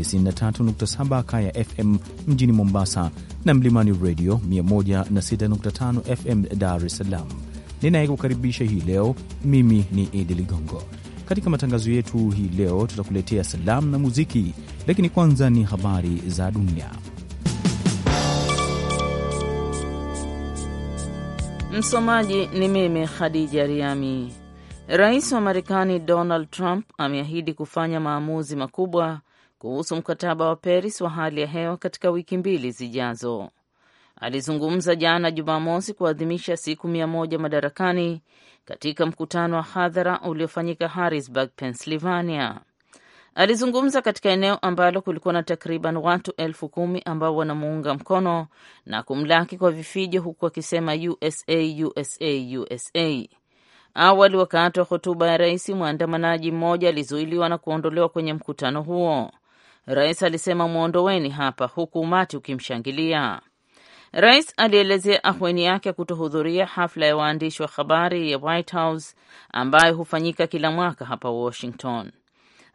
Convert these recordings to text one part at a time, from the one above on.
93.7 Kaya FM mjini Mombasa na Mlimani Radio 106.5 FM Dar es Salaam. Ninayekukaribisha hii leo mimi ni Idi Ligongo. Katika matangazo yetu hii leo tutakuletea salamu na muziki, lakini kwanza ni habari za dunia. Msomaji ni mimi Khadija Riami. Rais wa Marekani Donald Trump ameahidi kufanya maamuzi makubwa kuhusu mkataba wa Paris wa hali ya hewa katika wiki mbili zijazo. Alizungumza jana Jumamosi kuadhimisha siku mia moja madarakani katika mkutano wa hadhara uliofanyika Harrisburg, Pennsylvania. Alizungumza katika eneo ambalo kulikuwa na takriban watu elfu kumi ambao wanamuunga mkono na kumlaki kwa vifijo, huku akisema USA, USA, USA. Awali, wakati wa hotuba ya rais, mwandamanaji mmoja alizuiliwa na kuondolewa kwenye mkutano huo. Rais alisema mwondoweni hapa, huku umati ukimshangilia. Rais alielezea ahweni yake kutohudhuria hafla ya waandishi wa habari ya White House ambayo hufanyika kila mwaka hapa Washington.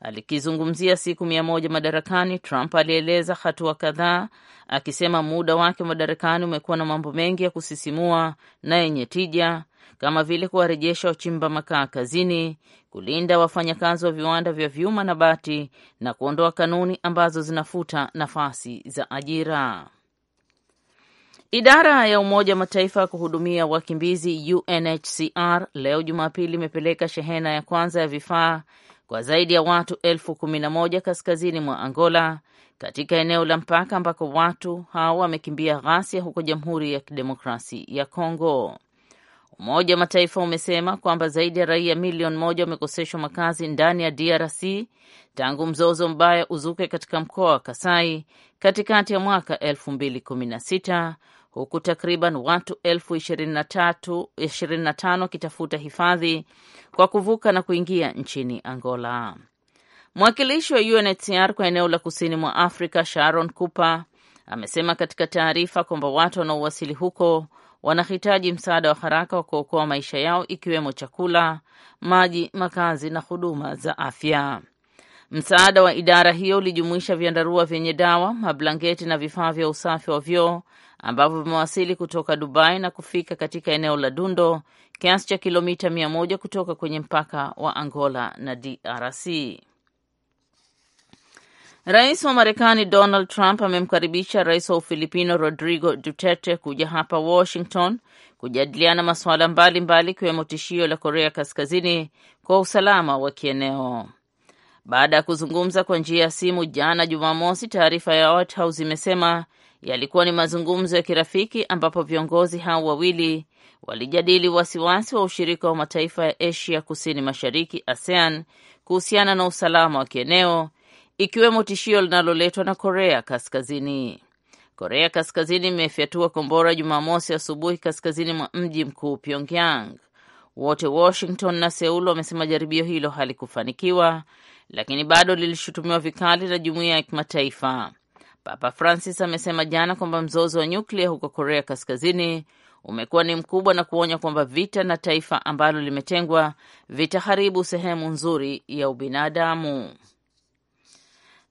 Alikizungumzia siku mia moja madarakani, Trump alieleza hatua kadhaa, akisema muda wake madarakani umekuwa na mambo mengi ya kusisimua na yenye tija kama vile kuwarejesha wachimba makaa kazini, kulinda wafanyakazi wa viwanda vya vyuma na bati na kuondoa kanuni ambazo zinafuta nafasi za ajira. Idara ya Umoja wa Mataifa ya kuhudumia wakimbizi UNHCR leo Jumapili imepeleka shehena ya kwanza ya vifaa kwa zaidi ya watu elfu kumi na moja kaskazini mwa Angola, katika eneo la mpaka ambako watu hao wamekimbia ghasia huko Jamhuri ya Kidemokrasi ya Kongo. Umoja wa Mataifa umesema kwamba zaidi ya raia milioni moja wamekoseshwa makazi ndani ya DRC tangu mzozo mbaya uzuke katika mkoa wa Kasai katikati ya mwaka elfu mbili kumi na sita huku takriban watu elfu ishirini wakitafuta hifadhi kwa kuvuka na kuingia nchini Angola. Mwakilishi wa UNHCR kwa eneo la kusini mwa Afrika Sharon Cooper amesema katika taarifa kwamba watu wanaowasili huko wanahitaji msaada wa haraka wa kuokoa maisha yao ikiwemo chakula, maji, makazi na huduma za afya. Msaada wa idara hiyo ulijumuisha vyandarua vyenye dawa, mablangeti na vifaa vya usafi wa vyoo ambavyo vimewasili kutoka Dubai na kufika katika eneo la Dundo, kiasi cha kilomita mia moja kutoka kwenye mpaka wa Angola na DRC. Rais wa Marekani Donald Trump amemkaribisha rais wa Ufilipino Rodrigo Duterte kuja hapa Washington kujadiliana masuala mbalimbali ikiwemo tishio la Korea Kaskazini kwa usalama wa kieneo. Baada ya kuzungumza kwa njia ya simu jana Jumamosi, taarifa ya White House imesema Yalikuwa ni mazungumzo ya kirafiki ambapo viongozi hao wawili walijadili wasiwasi wa ushirika wa mataifa ya Asia Kusini Mashariki ASEAN kuhusiana na usalama wa kieneo ikiwemo tishio linaloletwa na Korea Kaskazini. Korea Kaskazini imefyatua kombora Jumamosi asubuhi kaskazini mwa mji mkuu Pyongyang. Wote Washington na Seul wamesema jaribio hilo halikufanikiwa, lakini bado lilishutumiwa vikali na jumuiya ya kimataifa. Papa Francis amesema jana kwamba mzozo wa nyuklia huko Korea Kaskazini umekuwa ni mkubwa na kuonya kwamba vita na taifa ambalo limetengwa vitaharibu sehemu nzuri ya ubinadamu.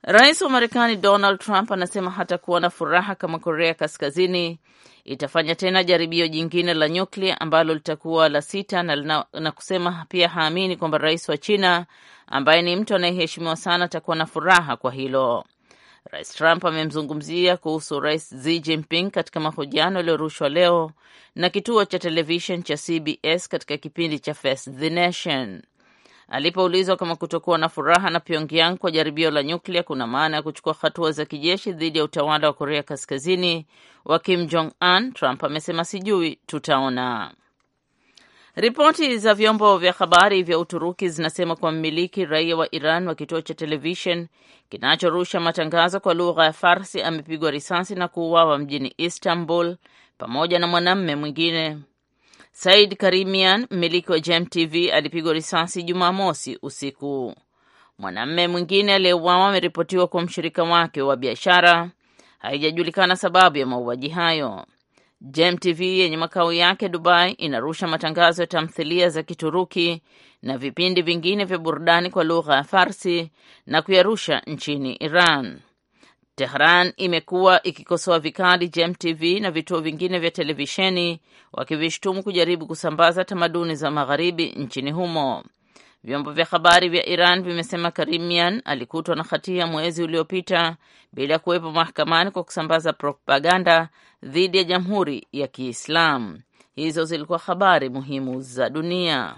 Rais wa Marekani Donald Trump anasema hatakuwa na furaha kama Korea Kaskazini itafanya tena jaribio jingine la nyuklia ambalo litakuwa la sita na, na, na kusema pia haamini kwamba rais wa China ambaye ni mtu anayeheshimiwa sana atakuwa na furaha kwa hilo. Rais Trump amemzungumzia kuhusu Rais Xi Jinping katika mahojiano yaliyorushwa leo na kituo cha televishen cha CBS katika kipindi cha Face the Nation. Alipoulizwa kama kutokuwa na furaha na Pyongyang kwa jaribio la nyuklia kuna maana ya kuchukua hatua za kijeshi dhidi ya utawala wa Korea Kaskazini wa Kim Jong Un, Trump amesema sijui, tutaona. Ripoti za vyombo vya habari vya Uturuki zinasema kuwa mmiliki raia wa Iran wa kituo cha televishen kinachorusha matangazo kwa lugha ya Farsi amepigwa risasi na kuuawa mjini Istanbul pamoja na mwanamme mwingine. Said Karimian, mmiliki wa Gem TV, alipigwa risasi Jumamosi usiku. Mwanamme mwingine aliyeuawa ameripotiwa kuwa mshirika wake wa biashara. Haijajulikana sababu ya mauaji hayo. JemTV yenye makao yake Dubai inarusha matangazo ya tamthilia za Kituruki na vipindi vingine vya burudani kwa lugha ya Farsi na kuyarusha nchini Iran. Tehran imekuwa ikikosoa vikali JemTV na vituo vingine vya televisheni wakivishtumu kujaribu kusambaza tamaduni za magharibi nchini humo. Vyombo vya habari vya Iran vimesema Karimian alikutwa na hatia mwezi uliopita bila ya kuwepo mahakamani kwa kusambaza propaganda dhidi ya Jamhuri ya Kiislamu. Hizo zilikuwa habari muhimu za dunia.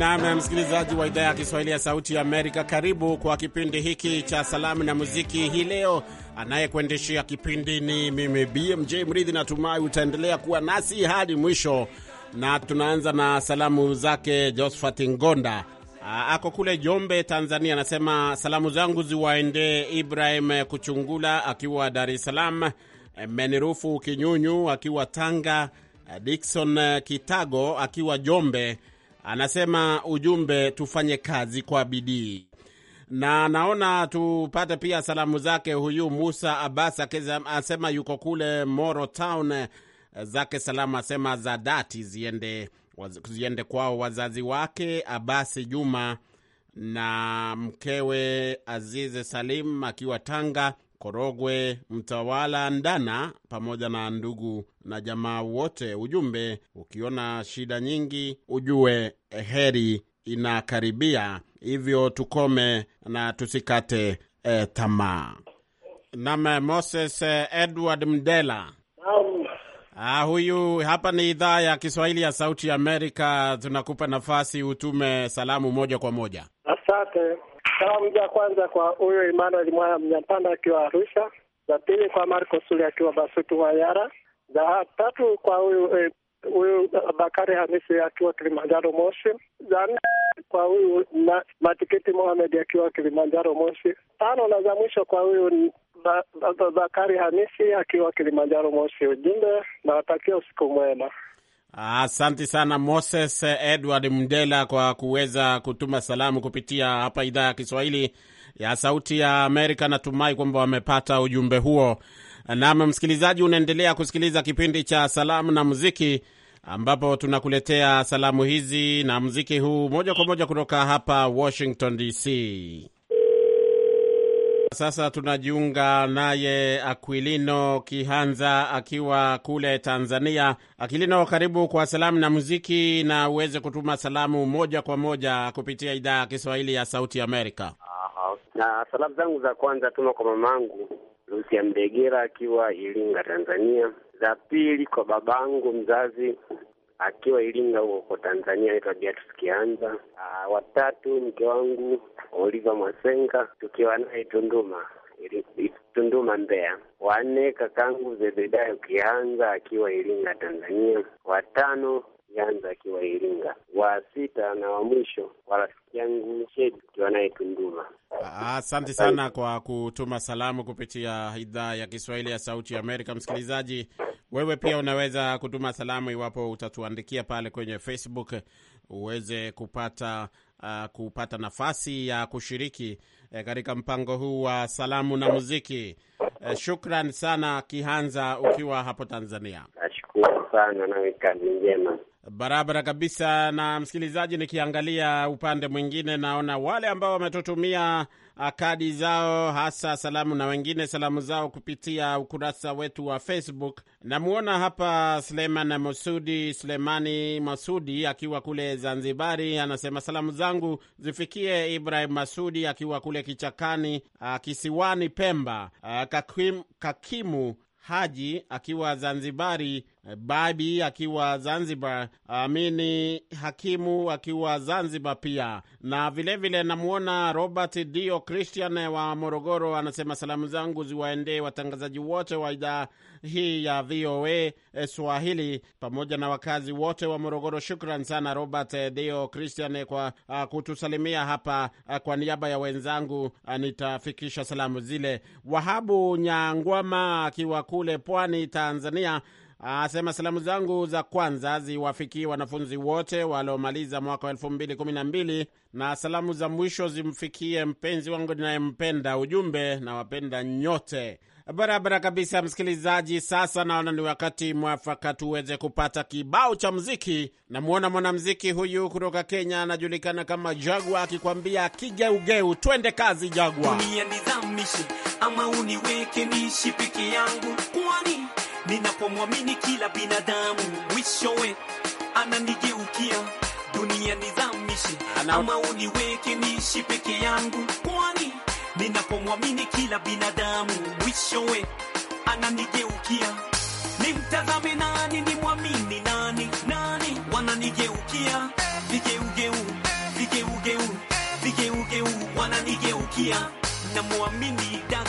Nam msikilizaji wa idhaa ya Kiswahili ya Sauti ya Amerika, karibu kwa kipindi hiki cha salamu na muziki hii leo. Anayekuendeshea kipindi ni mimi BMJ Mridhi. Natumai utaendelea kuwa nasi hadi mwisho, na tunaanza na salamu zake Josphat Ngonda, ako kule Jombe, Tanzania. Anasema salamu zangu ziwaendee Ibrahim Kuchungula akiwa Dar es Salaam, Menirufu Kinyunyu akiwa Tanga, Dikson Kitago akiwa Jombe, Anasema ujumbe, tufanye kazi kwa bidii na naona tupate pia salamu zake huyu Musa Abbas, asema yuko kule Moro Town. Zake salamu asema za dhati ziende, ziende kwao wazazi wake Abasi Juma na mkewe Azize Salim akiwa Tanga, Korogwe, Mtawala, Ndana pamoja na ndugu na jamaa wote. Ujumbe ukiona shida nyingi ujue heri inakaribia, hivyo tukome na tusikate e, tamaa. Nam Moses eh, Edward Mdela. Ah, huyu hapa ni idhaa ya Kiswahili ya Sauti ya Amerika, tunakupa nafasi utume salamu moja kwa moja. Asante. Salamu za kwanza kwa huyo Emmanuel Mwaya mnyapanda akiwa Arusha, za pili kwa Marco Sule akiwa Basutu Wayara, za tatu kwa huyu eh, huyu Bakari Hamisi akiwa Kilimanjaro Moshi, za nne kwa huyu na Matikiti Mohamed akiwa Kilimanjaro Moshi, tano na za mwisho kwa huyu ba, Bakari Hamisi akiwa Kilimanjaro Moshi. Ujumbe nawatakia usiku mwema. Asante sana Moses Edward mdela kwa kuweza kutuma salamu kupitia hapa idhaa ya Kiswahili ya Sauti ya Amerika. Natumai kwamba wamepata ujumbe huo. Nam msikilizaji, unaendelea kusikiliza kipindi cha Salamu na Muziki, ambapo tunakuletea salamu hizi na muziki huu moja kwa moja kutoka hapa Washington DC. Sasa tunajiunga naye Aquilino Kihanza akiwa kule Tanzania. Aquilino, karibu kwa salamu na muziki, na uweze kutuma salamu moja kwa moja kupitia idhaa ya Kiswahili ya Sauti Amerika. Na salamu zangu za kwanza tuma kwa mamangu Lucia Mdegera akiwa Iringa, Tanzania. Za pili kwa babangu mzazi akiwa Iringa huko Tanzania, anaitwa Beatrice Kianza. Ah, watatu mke wangu Oliva Mwasenga, tukiwa naye Tunduma Tunduma Mbeya. Wanne kakangu Zebedayo Kianza akiwa Iringa Tanzania. Watano Kianza akiwa Iringa, wa sita na wa mwisho wa rafiki yangu Shedi akiwa naye Tunduma. Asante sana kwa kutuma salamu kupitia idhaa ya Kiswahili ya Sauti ya Amerika. Msikilizaji, wewe pia unaweza kutuma salamu iwapo utatuandikia pale kwenye Facebook uweze kupata uh, kupata nafasi ya kushiriki eh, katika mpango huu wa salamu na muziki. Eh, shukran sana Kihanza, ukiwa hapo Tanzania. Nashukuru sana, nawe kazi njema. Barabara kabisa. Na msikilizaji, nikiangalia upande mwingine, naona wale ambao wametutumia ah, kadi zao, hasa salamu na wengine salamu zao kupitia ukurasa wetu wa Facebook. Namwona hapa Suleiman Masudi, Sulemani Masudi akiwa kule Zanzibari, anasema salamu zangu zifikie Ibrahim Masudi akiwa kule kichakani, ah, kisiwani Pemba, ah, Kakimu Haji akiwa Zanzibari Eh, Babi akiwa Zanzibar, Amini Hakimu akiwa Zanzibar pia, na vilevile namwona Robert Dio Christian wa Morogoro, anasema salamu zangu ziwaendee watangazaji wote wa idhaa hii ya VOA eh, Swahili pamoja na wakazi wote wa Morogoro. Shukran sana Robert eh, Dio Christian kwa ah, kutusalimia hapa. Ah, kwa niaba ya wenzangu ah, nitafikisha salamu zile. Wahabu Nyangwama akiwa kule Pwani, Tanzania asema salamu zangu za kwanza ziwafikie wanafunzi wote waliomaliza mwaka wa elfu mbili kumi na mbili na salamu za mwisho zimfikie mpenzi wangu ninayempenda. Ujumbe, nawapenda nyote. Barabara kabisa, msikilizaji. Sasa naona ni wakati mwafaka tuweze kupata kibao cha mziki. Namwona mwanamziki huyu kutoka Kenya, anajulikana kama Jagwa akikwambia Kigeugeu. Twende kazi, Jagwa. ama uniweke peke yangu, kwani ninapomwamini kila binadamu mwishowe ananigeukia dunia nizamishe ama uniweke niishi peke yangu kwani ninapomwamini kila binadamu mwishowe ananigeukia nimtazame nani nimwamini nani nani wananigeukia vigeugeu vigeugeu vigeugeu wananigeukia namwamini dan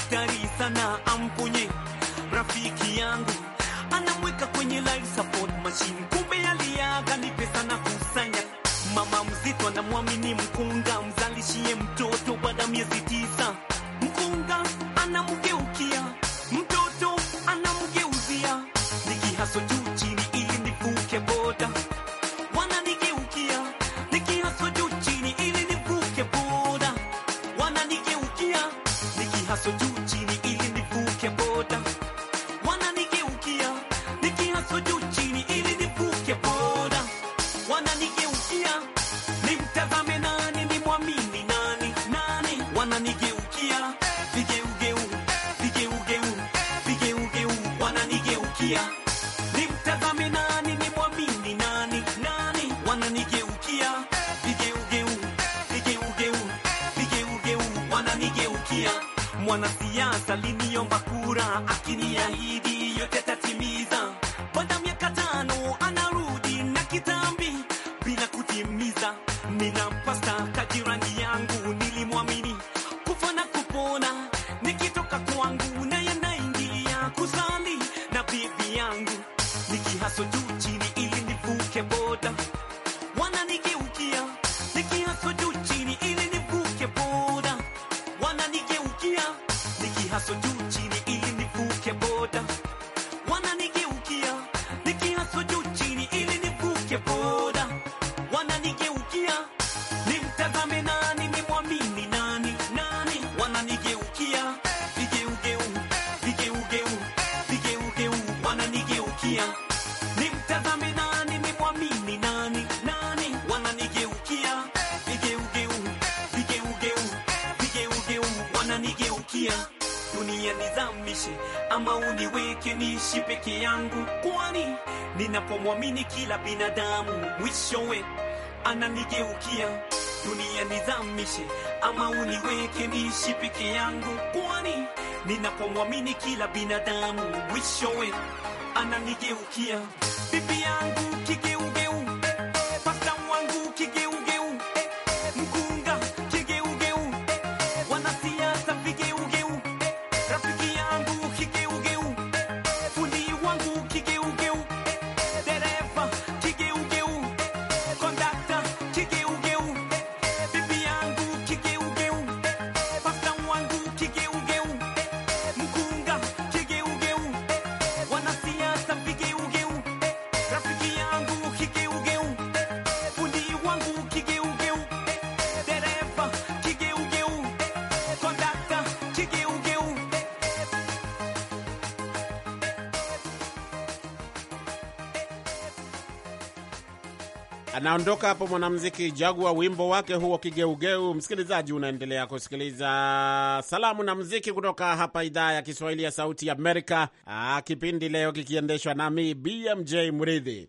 wananigeukia vigeugeu vigeugeu vigeugeu wananigeukia nimtazame nani nimwamini nani nani wananigeukia vigeugeu vigeugeu vigeugeu wananigeukia mwanasiasa liniomba kura akiniahidi yake niishi peke yangu, kwani ninapomwamini kila binadamu mwishowe ananigeukia. Dunia nizamishe ama uniweke niishi peke yangu, kwani ninapomwamini kila binadamu mwishowe ananigeukia. Anaondoka hapo mwanamuziki Jagua, wimbo wake huo Kigeugeu. Msikilizaji, unaendelea kusikiliza salamu na muziki kutoka hapa idhaa ya Kiswahili ya Sauti ya Amerika, kipindi leo kikiendeshwa nami BMJ Mridhi.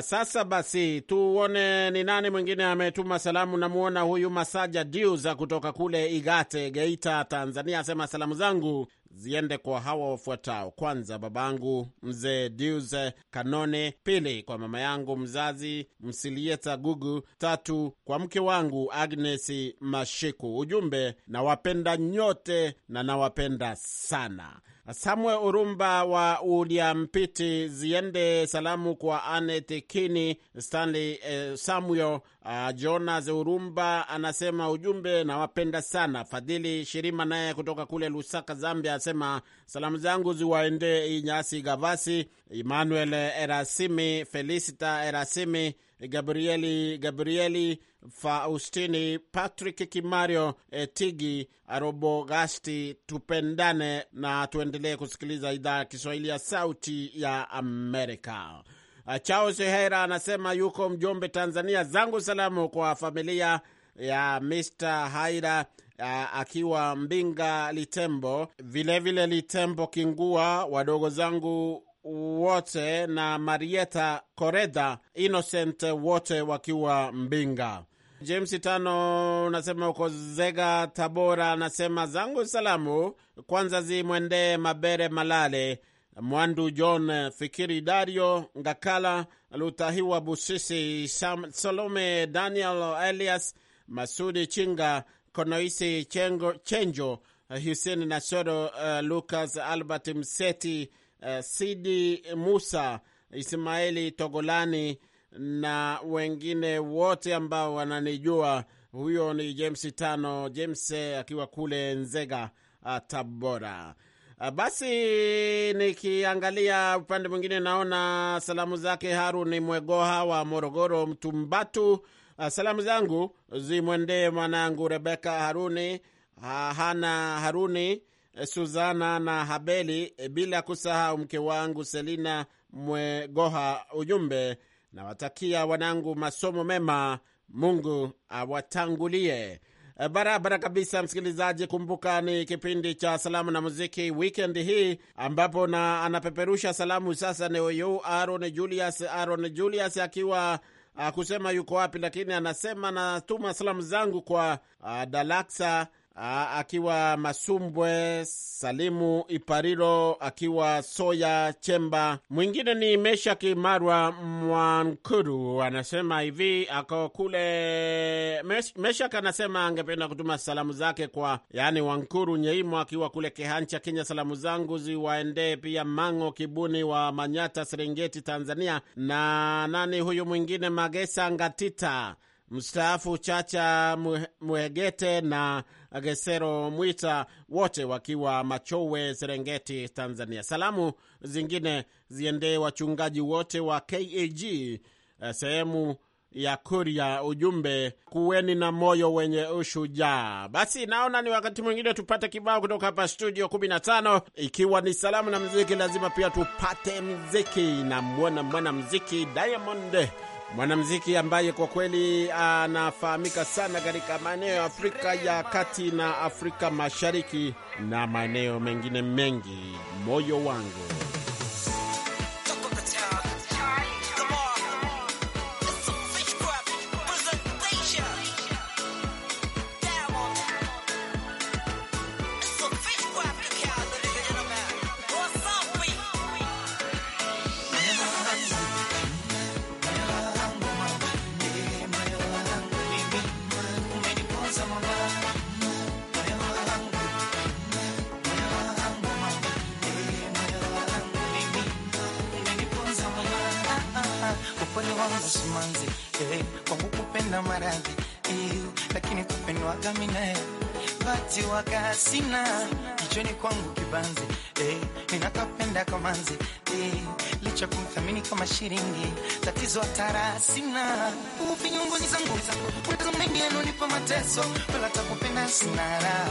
Sasa basi tuone ni nani mwingine ametuma salamu. namuona huyu Masaja Diuza kutoka kule Igate, Geita, Tanzania, asema salamu zangu ziende kwa hawa wafuatao: kwanza, babangu mzee Diuse Kanone; pili, kwa mama yangu mzazi Msilieta Gugu; tatu, kwa mke wangu Agnes Mashiku. Ujumbe, nawapenda nyote na nawapenda sana. Samuel Urumba wa Uliampiti, ziende salamu kwa Anet Kini, Stanley eh, Samuel uh, Jonas Urumba anasema ujumbe, nawapenda sana. Fadhili Shirima naye kutoka kule Lusaka, Zambia, asema salamu zangu ziwaendee Inyasi Gavasi, Emmanuel Erasimi, Felicita Erasimi Gabrieli, Gabrieli Faustini, Patrick Kimario, eh, Tigi Arobogasti. Tupendane na tuendelee kusikiliza idhaa ya Kiswahili ya Sauti ya Amerika. Ah, Charles Hera anasema yuko Mjombe, Tanzania. Zangu salamu kwa familia ya Mr Haira ah, akiwa Mbinga Litembo, vilevile vile Litembo Kingua, wadogo zangu wote na Marieta Koreda Innocent, wote wakiwa Mbinga. James tano unasema uko Zega, Tabora, anasema zangu salamu kwanza zimwendee Mabere Malale, Mwandu John, Fikiri Dario, Ngakala Lutahiwa, Busisi Sam, Salome Daniel, Elias Masudi Chinga, Konoisi Chengo, Chenjo, Huseni Nasoro, uh, Lucas Albert Mseti uh, Sidi Musa, ismaeli Togolani na wengine wote ambao wananijua. Huyo ni James tano James eh, akiwa kule Nzega, eh, Tabora. Basi nikiangalia upande mwingine, naona salamu zake Haruni Mwegoha wa Morogoro, Mtumbatu. Salamu zangu zimwendee mwanangu Rebeka Haruni, Hana Haruni, Eh, Suzana na Habeli, eh, bila kusahau mke wangu Selina Mwegoha. Ujumbe, nawatakia wanangu masomo mema, Mungu awatangulie eh, barabara kabisa. Msikilizaji, kumbuka ni kipindi cha salamu na muziki wikendi hii, ambapo na anapeperusha salamu sasa ni huyu Aaron Julius. Aaron Julius akiwa ah, kusema yuko wapi, lakini anasema natuma salamu zangu kwa a, ah, Dalaksa akiwa Masumbwe, Salimu ipariro akiwa Soya Chemba. Mwingine ni Mesha Marwa Mwankuru, anasema hivi, ako kule Mesha, Meshak anasema angependa kutuma salamu zake kwa yani Wankuru Nyeimo akiwa kule Kehancha, Kenya. Salamu zangu ziwaendee pia Mango Kibuni wa Manyata, Serengeti, Tanzania, na nani huyu mwingine Magesa Ngatita mstaafu Chacha mwegete na Gesero Mwita, wote wakiwa Machowe, Serengeti, Tanzania. Salamu zingine ziendee wachungaji wote wa KAG eh, sehemu ya Kuria. Ujumbe, kuweni na moyo wenye ushujaa. Basi naona ni wakati mwingine tupate kibao kutoka hapa studio 15. Ikiwa ni salamu na mziki, lazima pia tupate mziki na mwana mziki Diamond mwanamuziki ambaye kwa kweli anafahamika sana katika maeneo ya Afrika ya Kati na Afrika Mashariki na maeneo mengine mengi. Moyo wangu nikaminae bati wakasina kichoni kwangu kibanzi eh, ninakapenda kamanzi eh, licha kumthamini kama shilingi tatizo atarasina upi ni zangu mtazamo mengi yanonipa mateso wala takupenda sinara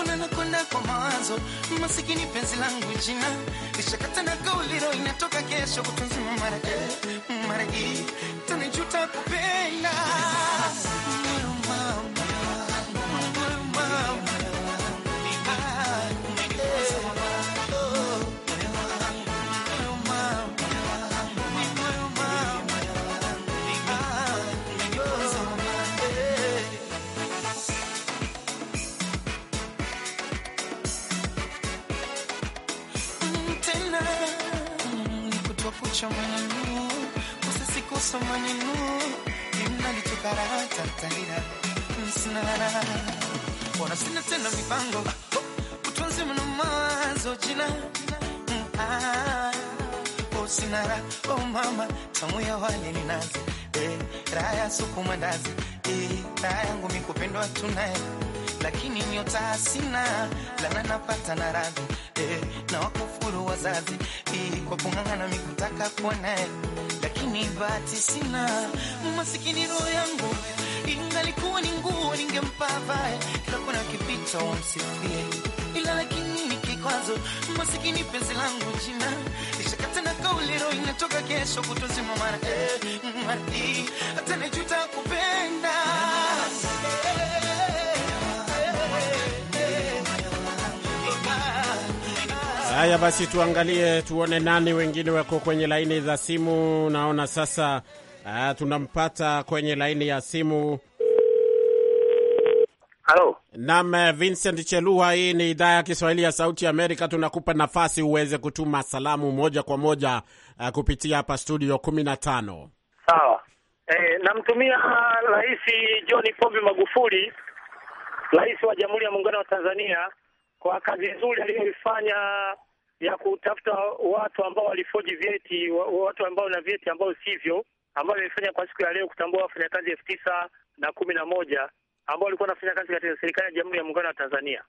unanakwenda kwa mawazo masikini penzi langu jina lishakata na kauliro inatoka kesho kutunzima mara eh, mara hii tanijuta kupenda sina tena mipango utunzi mna mazo jina mm, ah, osinara oh, o oh, mama tamu ya wale ni nazi eh, raha ya supu mandazi eh, raha yangu mikupendwa tunaye lakini nyota sina lana napata na radhi eh, na wakufuru wazazi eh, kung'ang'ana mikutaka kuwa naye, lakini bahati sina. Masikini roho yangu ingalikuwa ni nguo ningempa vae, kila kona kipita wamsifie, ila lakini ni kikwazo. Masikini penzi langu jina lishakata na kauli, roho inatoka kesho kutozima mara eh, mara hata najuta Haya basi, tuangalie tuone nani wengine wako kwenye laini za simu. Naona sasa uh, tunampata kwenye laini ya simu. Halo. Naam, eh, Vincent Chelua, hii ni idhaa ya Kiswahili ya Sauti ya Amerika. Tunakupa nafasi uweze kutuma salamu moja kwa moja uh, kupitia hapa studio kumi na tano. Sawa. Eh, namtumia ah, Rais John Pombe Magufuli, Rais wa Jamhuri ya Muungano wa Tanzania kwa kazi nzuri aliyoifanya ya kutafuta watu ambao walifoji vyeti, watu ambao na vyeti ambao sivyo, ambao imefanya kwa siku ya leo kutambua wafanyakazi elfu tisa na kumi na moja ambao walikuwa wanafanya kazi katika serikali ya Jamhuri ya Muungano wa Tanzania.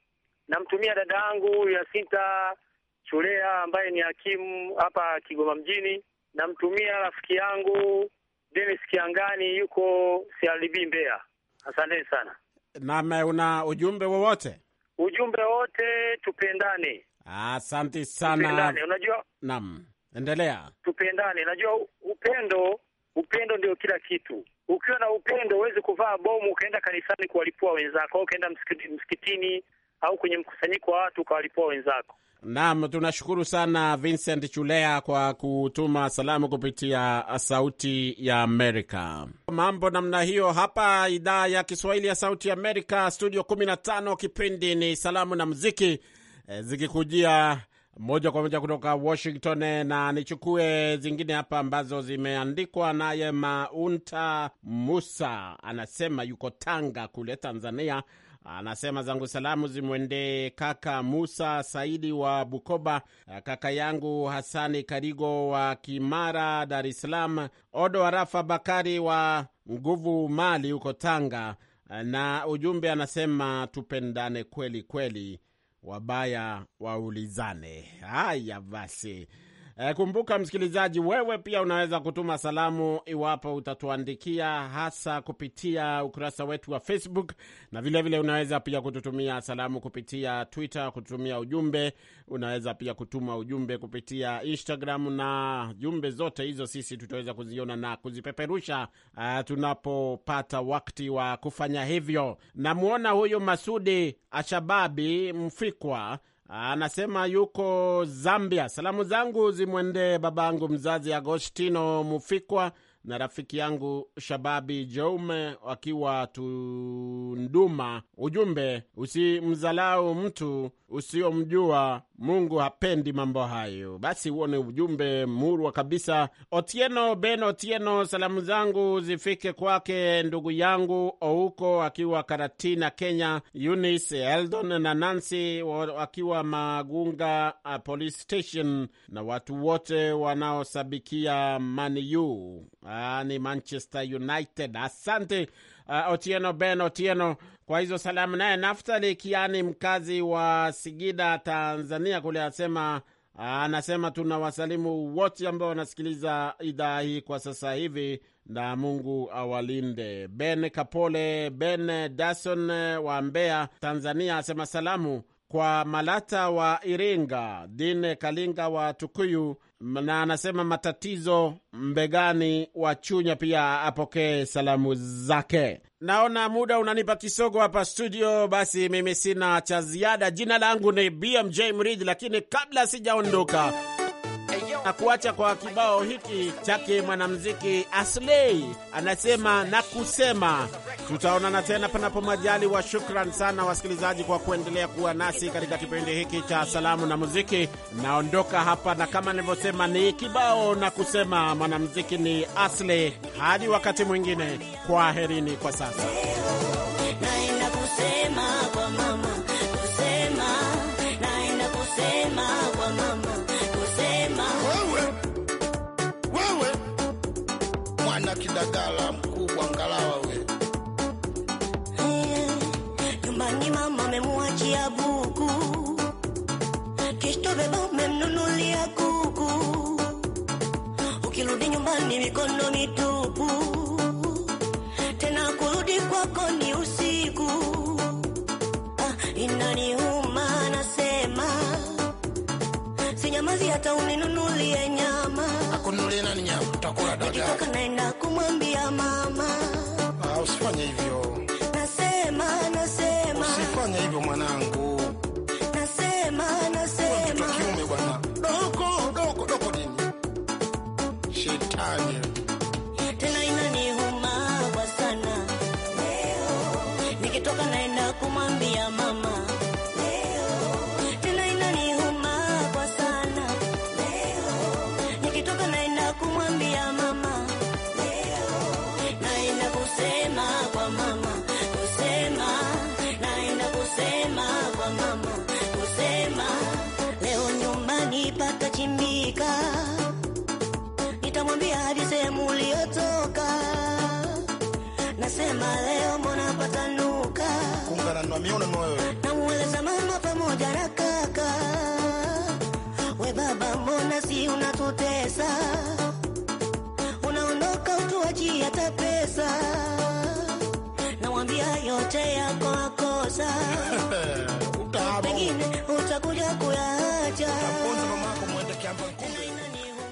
Namtumia dada yangu Yasinta Chulea ambaye ni hakimu hapa Kigoma mjini. Namtumia rafiki yangu denis Kiangani yuko CRDB Mbeya. Asanteni sana. Naam, una ujumbe wowote? Ujumbe wote, tupendane. Asante sana. Tupendane, unajua. Naam, endelea. Tupendane, unajua upendo, upendo ndio kila kitu. Ukiwa na upendo huwezi kuvaa bomu ukaenda kanisani kuwalipua wenzako, au ukaenda msikitini au kwenye mkusanyiko wa watu ukawalipua wenzako. Naam, tunashukuru sana Vincent Chulea kwa kutuma salamu kupitia Sauti ya Amerika. Mambo namna hiyo hapa idhaa ya Kiswahili ya Sauti ya Amerika, studio 15. Kipindi ni Salamu na Muziki. Eh, zikikujia moja kwa moja kutoka Washington, eh, na nichukue zingine hapa ambazo zimeandikwa naye Maunta Musa, anasema yuko Tanga kule Tanzania. Anasema zangu salamu zimwendee kaka Musa Saidi wa Bukoba, eh, kaka yangu Hasani Karigo wa Kimara, Dar es Salaam, Odo Arafa Bakari wa Nguvu Mali huko Tanga, na ujumbe anasema tupendane kweli kweli wabaya waulizane. Haya basi, E, kumbuka msikilizaji, wewe pia unaweza kutuma salamu iwapo utatuandikia hasa kupitia ukurasa wetu wa Facebook, na vilevile vile unaweza pia kututumia salamu kupitia Twitter, kututumia ujumbe. Unaweza pia kutuma ujumbe kupitia Instagram, na jumbe zote hizo sisi tutaweza kuziona na kuzipeperusha uh, tunapopata wakati wa kufanya hivyo. Namwona huyu Masudi Ashababi Mfikwa anasema yuko Zambia. Salamu zangu zimwendee babangu mzazi Agostino Mufikwa na rafiki yangu Shababi Jeume wakiwa Tunduma. Ujumbe, usimzalau mtu usiomjua, Mungu hapendi mambo hayo. Basi huo ni ujumbe murwa kabisa. Otieno Ben Otieno, salamu zangu zifike kwake ndugu yangu Ouko akiwa Karatina, Kenya, Eunice Eldon na Nancy wakiwa Magunga uh, Police Station na watu wote wanaosabikia Maniu. Aa, ni Manchester United. Asante uh, Otieno Ben Otieno kwa hizo salamu. Naye Naftali Kiani, mkazi wa sigida Tanzania kule, asema uh, anasema tuna wasalimu wote ambao wanasikiliza idhaa hii kwa sasa hivi, na Mungu awalinde. Ben Kapole Ben Dason uh, wa Mbeya, Tanzania, asema salamu kwa Malata wa Iringa, Dine Kalinga wa Tukuyu, na anasema matatizo Mbegani wa Chunya pia apokee salamu zake. Naona muda unanipa kisogo hapa studio, basi mimi sina cha ziada. Jina langu ni BMJ Mridhi, lakini kabla sijaondoka na kuacha kwa kibao hiki chake mwanamuziki Aslei anasema na kusema. Tutaonana tena panapo majali wa Shukran sana wasikilizaji kwa kuendelea kuwa nasi katika kipindi hiki cha salamu na muziki. Naondoka hapa na kama nilivyosema, ni kibao na kusema, mwanamuziki ni Aslei. Hadi wakati mwingine, kwa herini kwa sasa. ana kidagala mkubwa ngalawa we eh, nyumbani hey, mama memuachia buku kisto beba memnunulia kuku ukirudi nyumbani mikono mitupu tena kurudi kwako ni usiku ah, inaniuma nasema sinyamazi hata uninunulie nyama akunulie nani nyama utakula dagaa Colombia, mama.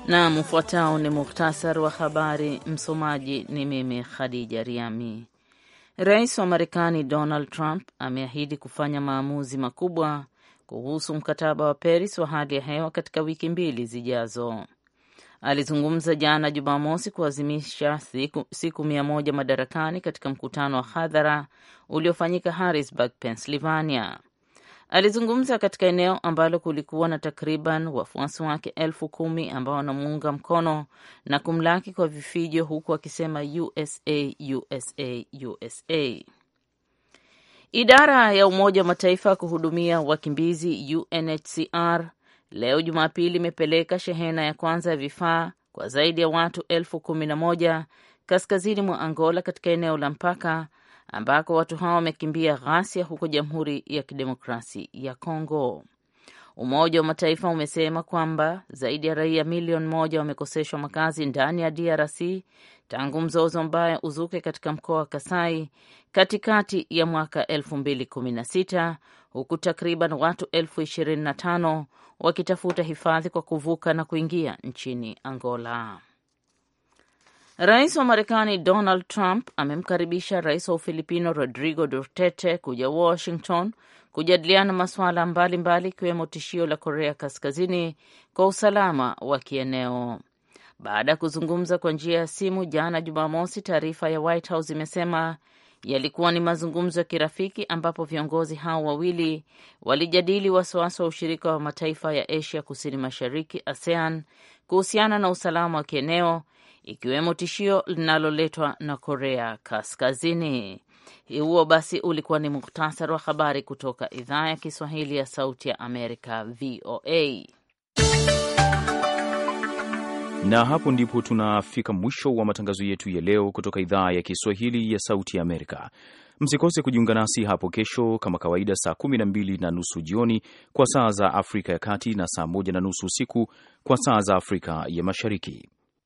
Naam, ufuatao ni muhtasar wa habari. Msomaji ni mimi Khadija Riami. Rais wa Marekani Donald Trump ameahidi kufanya maamuzi makubwa kuhusu mkataba wa Paris wa hali ya hewa katika wiki mbili zijazo. Alizungumza jana Jumamosi kuazimisha siku, siku mia moja madarakani katika mkutano wa hadhara uliofanyika Harrisburg, Pennsylvania. Alizungumza katika eneo ambalo kulikuwa na takriban wafuasi wake elfu kumi ambao wanamuunga mkono na kumlaki kwa vifijo huku akisema USA, USA, USA. Idara ya Umoja wa Mataifa ya kuhudumia wakimbizi UNHCR leo Jumapili imepeleka shehena ya kwanza ya vifaa kwa zaidi ya watu elfu kumi na moja kaskazini mwa Angola katika eneo la mpaka ambako watu hao wamekimbia ghasia huko Jamhuri ya Kidemokrasi ya Kongo. Umoja wa Mataifa umesema kwamba zaidi ya raia milioni moja wamekoseshwa makazi ndani ya DRC tangu mzozo mbaya uzuke katika mkoa wa Kasai katikati ya mwaka 2016 huku takriban watu elfu 25 wakitafuta hifadhi kwa kuvuka na kuingia nchini Angola. Rais wa Marekani Donald Trump amemkaribisha rais wa Ufilipino Rodrigo Duterte kuja Washington kujadiliana masuala mbalimbali ikiwemo tishio la Korea Kaskazini kwa usalama wa kieneo. Baada ya kuzungumza kwa njia ya simu jana Jumamosi, taarifa ya White House imesema yalikuwa ni mazungumzo ya kirafiki ambapo viongozi hao wawili walijadili wasiwasi wa ushirika wa mataifa ya Asia Kusini Mashariki, ASEAN, kuhusiana na usalama wa kieneo ikiwemo tishio linaloletwa na Korea Kaskazini. Huo basi ulikuwa ni muhtasari wa habari kutoka idhaa ya Kiswahili ya Sauti ya Amerika, VOA. Na hapo ndipo tunafika mwisho wa matangazo yetu ya leo kutoka idhaa ya Kiswahili ya Sauti ya Amerika. Msikose kujiunga nasi hapo kesho kama kawaida, saa kumi na mbili na nusu jioni kwa saa za Afrika ya Kati na saa moja na nusu usiku kwa saa za Afrika ya Mashariki.